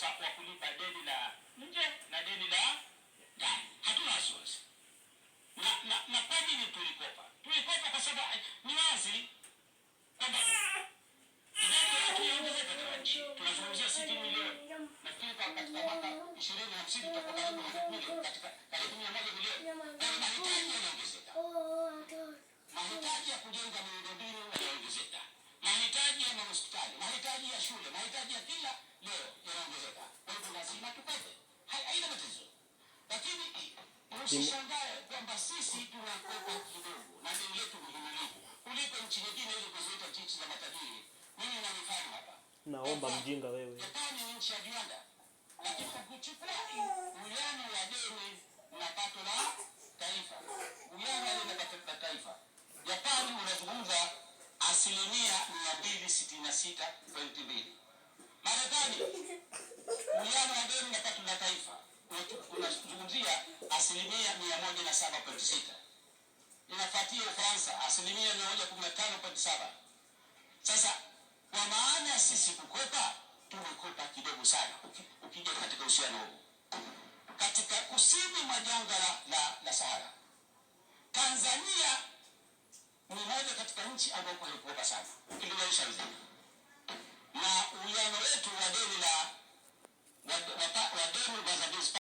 kukosa kwa kulipa deni la nje na deni la ndani. Hatuna wasiwasi na, na, na kwa nini tulikopa? Tulikopa kwa sababu ni wazi kwamba tunaongezeka kama nchi, tunazungumzia sitini milioni nafikiri katika mwaka ishirini hamsini tutakuwa karibu milioni katika mahitaji ya kila leo yanaongezeka, kwa hivyo lazima tukope, haina tatizo. Lakini usishangae kwamba sisi tunakopa kidogo na bei yetu mhimilivu kuliko nchi nyingine hizo kuziita nchi za matajiri. Mimi na hapa, naomba mjinga wewe. Japani ni nchi ya viwanda asilimia mia mbili sitini na sita pointi mbili. Marekani uwiano wa deni na pato la taifa unazungumzia asilimia mia moja na saba pointi sita inafuatia Ufaransa asilimia mia moja kumi na tano pointi saba. Sasa kwa maana sisi kukopa tumekopa kidogo sana, ukija katika uhusiano huu katika kusini mwa jangwa la, la, la Sahara ko Amang Malikwa Kasama. Ilungan siya rin.